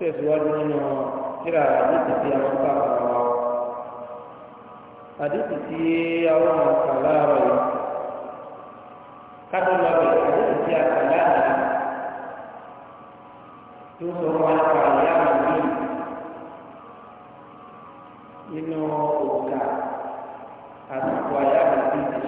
tẹ̀síwájú nínú kíra àdìsí tí a máa ń bá ara wa àdìsí tí a ó máa kà láàárọ̀ yìí kátó lọ bẹ̀rẹ̀ àdìsí tí a kà láàárọ̀ yìí tó sọ wọn pa ìyá mi nínú òkà àtúkọ̀ ìyá mi ti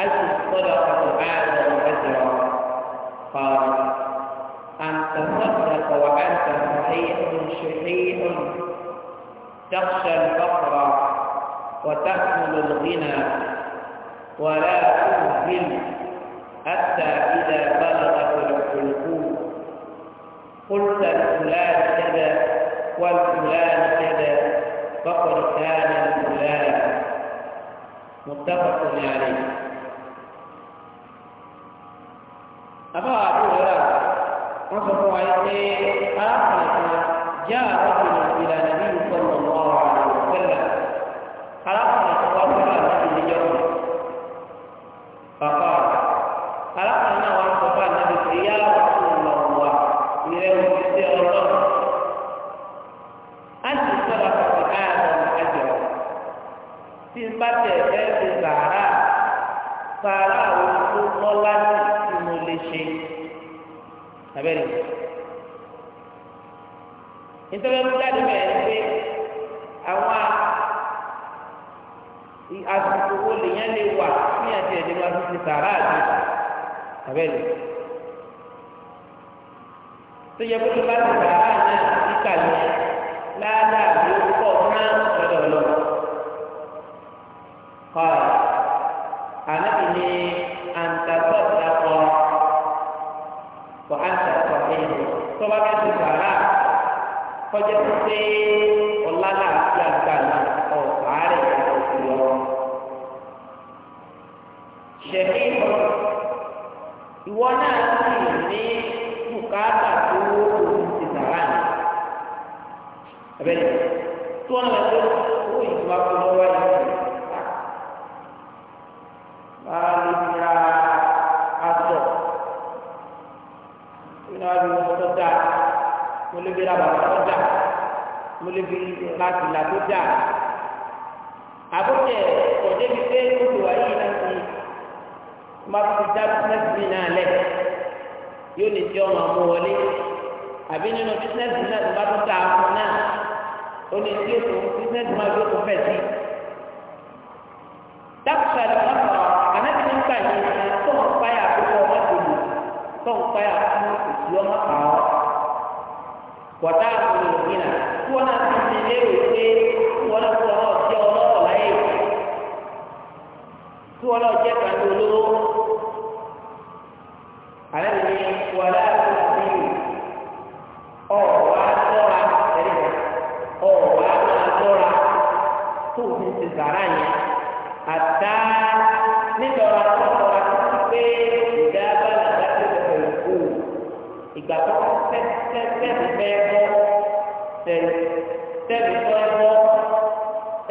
هل الصدقة أعظم أجرا قال أن تصدق وأنت صحيح شحيح تخشى الفقر وتحمل الغنى ولا تهزل حتى إذا بلغت الحلقوم قلت الفلان كذا والفلان كذا فقر كان الفلان متفق عليه wọ́n sọ fún wa yìí pé arákùnrin kan já arákùnrin ìlà nàbí ìfọ̀nà wọn wà lọ́sẹ̀lẹ̀ arákùnrin kan wá fún àná ìdíjọ́ rẹ̀ bàbá arákùnrin náà wà sọ fún àná ìfẹ́ yá ọ̀sùn lọ wà ìrẹ́ òfin sí ọlọ́run á sì sọ̀rọ̀ àkọ́kọ́ káyàtọ̀ ẹ̀jọ̀ tí n bá tẹ̀ fẹ́ ṣe abẹ́rẹ́ nítorí jáde bẹ̀rẹ̀ ni pé àwọn àsìkò wo lèyàn lè wà ní àti ẹ̀dẹ̀ máa fi ti sàrà àti abẹ́rẹ́ tó yẹ kó tó bá ti sàrà náà kíkà yẹn ládàá bí ó pọ̀ náà lọ́dọ̀ lọ. Kọ́ọ̀lù àná ìní àná. kọjá tó pé ọ̀la náà ti àgbà náà ọ̀sàárẹ̀ ọ̀sùlọ. ṣẹ̀mí ìmọ̀ ìwọ náà sì ní bùkátà tó ti sàrà ní. abẹ́rẹ́ tí wọ́n lọ lè fi ra fìlà tó dà àbújẹ ọdẹ bíi pé ó ti wà yìí náà ti má fi dá bísínẹsì náà lẹ yóò lè jẹ ọmọ mú wọlé àbí nínú bísínẹsì náà tó bá tó ta àwọn náà ó lè tí ètò bísínẹsì máa yóò tó fẹ sí i. dákùsà ló sọ ànábi ní gbà yìí tó ń páyà àkókò ọmọ tó lò tó ń páyà fún òsì ọmọ pààrọ wọ́tá àkókò yìí náà wọn náà ti ti lérò pé wọn náà fún ọ jẹ ọlọ́rọ̀ láyé tí wọn náà jẹ kàdé olówó alẹ́ mi ni wọn náà fún mi ọ̀ wá lọ́ra ẹ̀rí rẹ̀ ọ̀ wá máa lọ́ra tó o ti ti sàrà yẹn àtà nítorá tó lọ́ra títí pé ìdá bá làdá tó lọ́ra ìgbà tó fẹ́ fẹ́ fẹ́ fẹ́ bọ́ tẹ̀lé tẹ̀lé tọ́lẹ́tọ́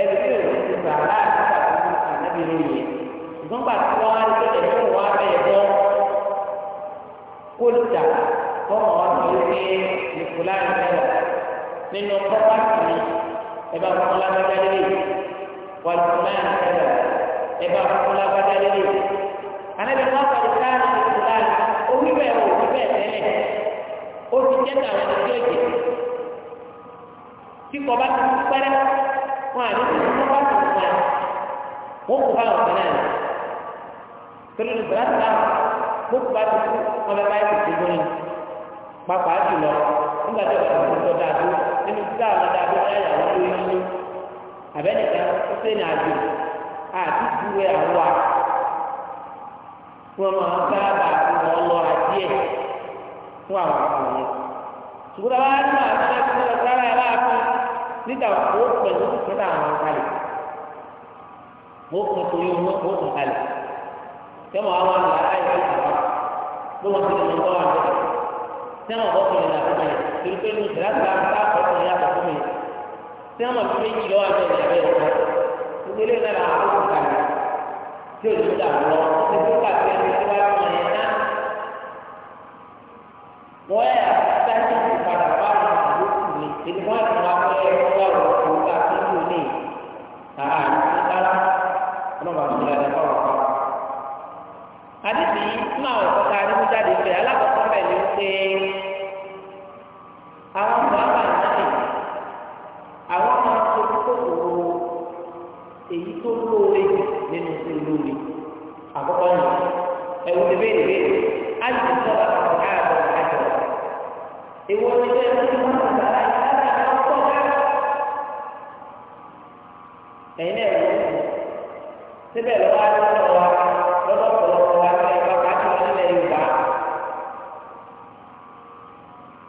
ẹ̀rí tí o ti gbà láti gbà fún ànábì ní ìyẹn ṣùgbọ́n gbà tí wọ́n á lé tó wọ́n á bẹ̀rẹ̀ bọ́ kóòtà kọ́mọ wọn tó ní ìfúlá ìfẹ́lẹ̀ nínú pọ́pátì mi ẹ bá fún lágbájá lélẹ̀ wà lùfúlá ìfẹ́lẹ̀ ẹ bá fún lágbájá lélẹ̀ ànábì wọn kọ́ ìfúlá tí kò bá ti kú pẹ́rẹ́ wọn àní tó bá tó ya ẹ wọn kò bá wọn fún ẹ torí ní bàtà náà wọn kò bá ti kú wọn báyìí tó jùlọ nígbà tó bá tó nínú tí táwọn ó àjò àti wọn máa ń sábà wọn lọ ṣùgbọ́n àwọn àti máa fi ẹgbẹ́ tó lọ sára ẹ̀ láàfin nígbà ó pẹ̀lú ìpínlẹ̀ àwọn kalẹ̀ wọ́n kún torí wọn ó kún kalẹ̀ tẹ́wọ̀n àwọn àgbà ayé àwọn bí wọ́n ti lè mọ bá wà lọ́wọ́ tẹ́wọ̀n ọkùnrin náà fún mi torí pé ní ìdílásí àwọn bá ọkùnrin yàtọ̀ fún mi tẹ́wọ̀n fi méjì lọ́wọ́ àti ẹ̀yà bẹ́ẹ̀ lọ́wọ́ gbogbo ilé náà làwọn ó kún kalẹ̀ tí ò ní dàgbọ́ ti tó kàtẹ́ ní ìwádìí wọn yẹn náà wọ́n yà dájú ìpadà bá àwọn àlòkù ni èdè wọn àti wọn abẹ́rẹ́ síbẹ̀ lọ́wọ́ lọ́wọ́ wa lọ́wọ́ pọ̀lọpọ̀ wa ní ẹ̀ka pàtó nílẹ̀ Yorùbá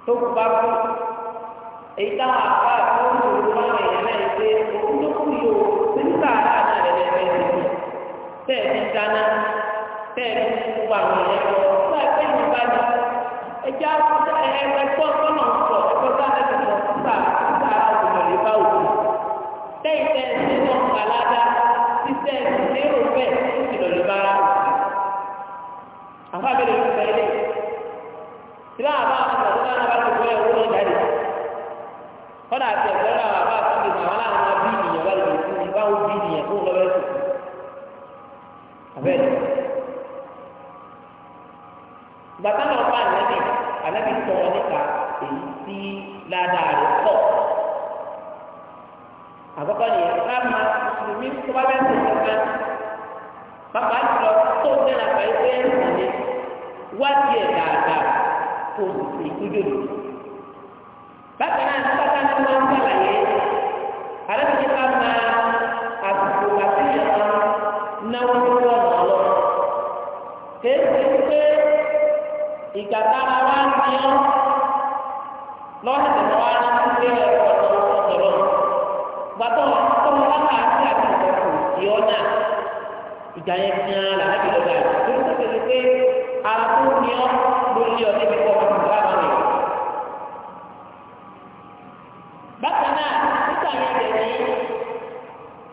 tó kú bá kú èyí táwọn àbá tó ń lò lọ́wọ́ àwọn èèyàn náà ṣe òkú tó kú yìí o ṣe ní sàárà náà lẹ́lẹ́ bẹ́ẹ̀ ni tẹ́ẹ̀ fi dáná tẹ́ẹ̀ fi wà wọ̀nyẹn lọ fún ẹgbẹ́ ìjọba ni ẹjẹ́ àkókò ẹ̀ẹ́dẹ́gbọ́n àwọn abẹ́rẹ́ yóò fẹ́ ilé ìlà àbá àtàkùn náà bá ti wọlé owó ìdáde kọ́dà àti ẹ̀gbẹ́ náà àbá àtúndì àwọn aláàmú bí ènìyàn bá lè fún un báwo bí ènìyàn tó ń lọ bẹ́ẹ̀ sùn abẹ́rẹ́ bàtà náà bá ànábì ànábì sọ̀rọ̀ nípa èyí tí ládàá rẹ̀ pọ̀ àkọ́kọ́ ni ká máa mùsùlùmí tó bá bẹ́ẹ̀ sọ̀rọ̀ kan bàbá kó o sì kú dòdò. bákan náà nígbà tá a ti máa ń sàlàyé àdébìtì ká máa àsìkò àti ìyàwó náwó lórí ọ̀nà lọ. kéèké pé ìgbà tára wá ń bí ọ́ lọ́sẹ̀ tó wá ń bí ẹ̀rọ ọ̀nà ọ̀sọ̀rọ̀ gbàtọ́ ọ̀sọ̀rọ̀ wá ń bí àtìkọ̀ kù sí ọ náà ìgbà yẹn ti hàn là láti lọ́gà yìí tó ń tẹ̀lé pé ara tó ń ní ọ́ lórí ọ̀ níbi kọ́ ọ̀hún bá wọn rẹ̀. bákan náà nígbà yẹn bẹ̀rẹ̀ yìí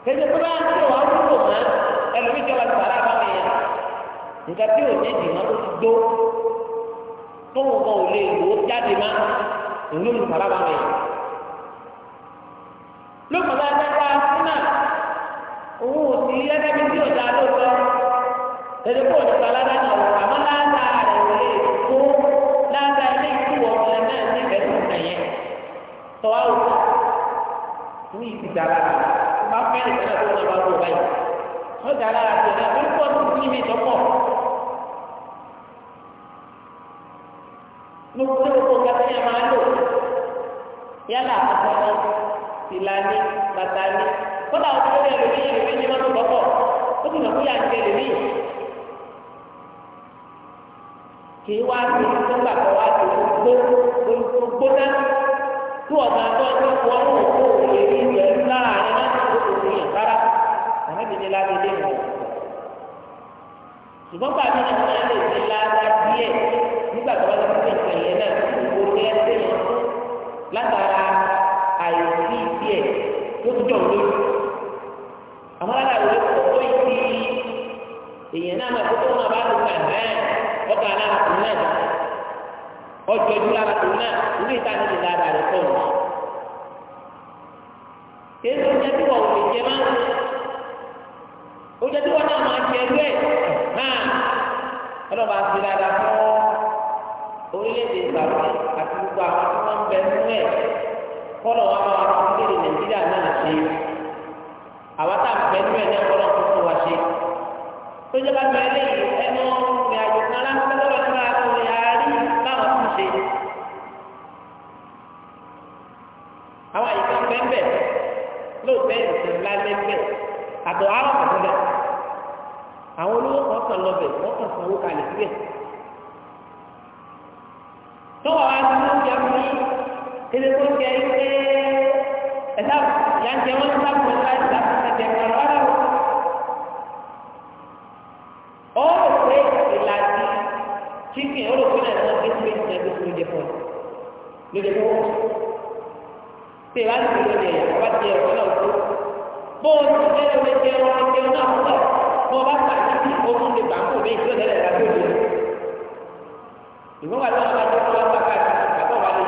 kéde tó bá ń tó wà wúlò mọ́ ẹlòmíì jọba ti bàrà bá mi yẹn nǹkan tí ò ní ìdìmọ́ tó ti gbó tóun kan ò lè lò ó jáde má òun ló bàrà bá mi yẹn. owó òsì lẹ́gbẹ́ bí tí òjá lóòótọ́ èdè kò ní sọ aládàá náà wò àmọ́ láńdà rẹ̀ ò lè kó láńdà ilé ìtúwọ̀ ọ̀gbìn náà ní ìbẹ̀rù ìtẹ̀yẹ tọ́wá ò ní ìsìtà lára bá fẹ́ lè fẹ́ lọ́wọ́ náà bá wọ báyìí ó dà lára tó ń pọ̀ tó kí mi tọ́pọ̀ gbogbo gbogbo gàtí kódà ó ti lórí ẹlòmí ẹlòmí ní mọ́tò lọ́pọ̀ ó ti nàkúyà ń jẹ ẹlòmí. kì í wá sí tó ń gbàgbọ́ wá sí gbó gbóná tí wọ́n máa tọ́ ẹgbẹ́ fún ọ́n òun kó ní ìjẹ́ lára rẹ̀ láti kó òun yẹn rárá àmọ́ ìdílé láti dé ìwọ̀n. ṣùgbọ́n pàmí ni wọ́n lè fi lára díẹ̀ nígbà tó wọ́n ti fi ìpè náà èèyàn náà máa tètè wọn bá dùn náà ẹ ọkà lára tòun náà ọjọ́ ìlú lára tòun náà ìlú ìta ní ìlú dáadáa rẹ pọ̀ nù. kéésì oúnjẹ tí wọn ò lè jẹ máa ń oúnjẹ tí wọn náà máa jẹ lóẹ náà ọlọ́ba ti dáadáa fún orílẹ̀ ìgbàlódé àti gbogbo àwọn tí wọ́n ń bẹ nínú ẹ̀ kọ́lọ̀ wọn bá wọn fún kéde nàìjíríà náà ṣe àwọn táà ń bẹ nínú ẹ̀ náà kọ́lọ̀ fún wa ṣe tó jẹ́ bàbá eléyìí ẹnu ìrìn àjò kan lápẹ́ lọ́wọ́ nípa àkùnrin àárín báwọn tún ṣe. àwọn àyíká bẹ́ẹ̀ lóòótọ́ ìrìnsẹ̀ ńlá lẹ́gbẹ̀ẹ́ àtọ̀ àrùn kọ̀ọ̀kan bẹ̀. àwọn olówó kan kàn lọ bẹ̀ wọ́n kàn sanwó kalẹ̀ síbẹ̀. tọ́wọ́ wa ti mú ìyá mi kéde kó jẹ́ ike ẹ̀dá ìyá ń jẹ wọ́n sábà wọ́n láì sábà ń jẹ kọ́ra wọ́n chicken ó rò pé náà náà ké pé náà ké fún oúnjẹ fún ọ lóde fún wọn tẹ wá sí lóde yẹn ọba tiẹ ọba náà kú bóun ti jẹ lóde jẹ ọba jẹ ọba náà kú bọ ọba pa títí ohun lè gbà kó bẹ́ẹ̀ tí ó tẹ́lẹ̀ lábẹ́ òde yẹn ìwọ́n wà lọ́wọ́ láti ọba bá káàkiri gbàtọ́ wà lè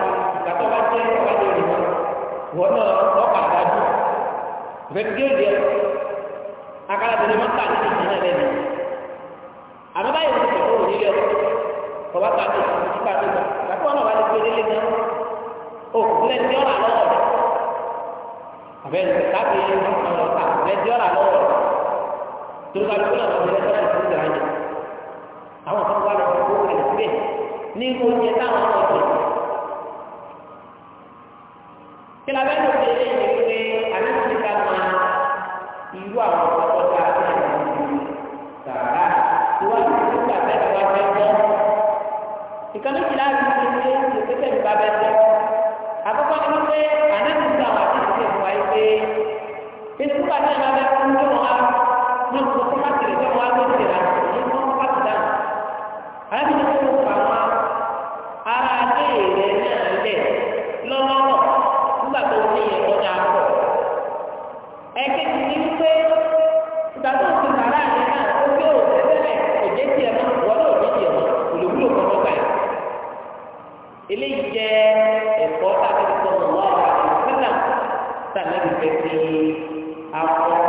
gbàtọ́ wà jẹ́ ọba lè rìn wọn náà ọkà dájú ìfẹ́ tí ó di ẹ akálàbẹ̀rẹ̀ mọ́ta ní ìdílé náà lẹ́nu. sẹ́ni tí ó rà lọ́wọ́ rẹ̀ àbẹ̀rẹ̀ káfí ọ̀rọ̀ àbẹ̀ tí ó rà lọ́wọ́ rẹ̀ tó ká lóko náà lọ́wọ́ rẹ̀ tó ti rà yẹn àwọn kan wà lọ́wọ́ kó rẹ̀ síbẹ̀ ní irú oúnjẹ táwọn ọ̀rọ̀ rẹ̀ kí la bẹ́ẹ̀ ló ṣe lé ìwé pé àná ti ká máa irú àwọn ọ̀pọ̀ tá a fẹ́ sàrà ìwádìí tó gbà bẹ́ẹ̀ wá fẹ́ gbọ́ ìkànnì kìláàsì ti ṣe é ṣe pé tẹ̀síwá bẹ́ẹ̀ àkọ́kọ́ ni wọ́n pé ànágbèsè àwọn àti ìṣe ìwà yìí pé ètùkọ̀ àti ìlànà ìfúnjọ́ wọn á ní oṣù tó má tẹ̀lé tó wọn á gbé tẹ̀lé àti ìṣe a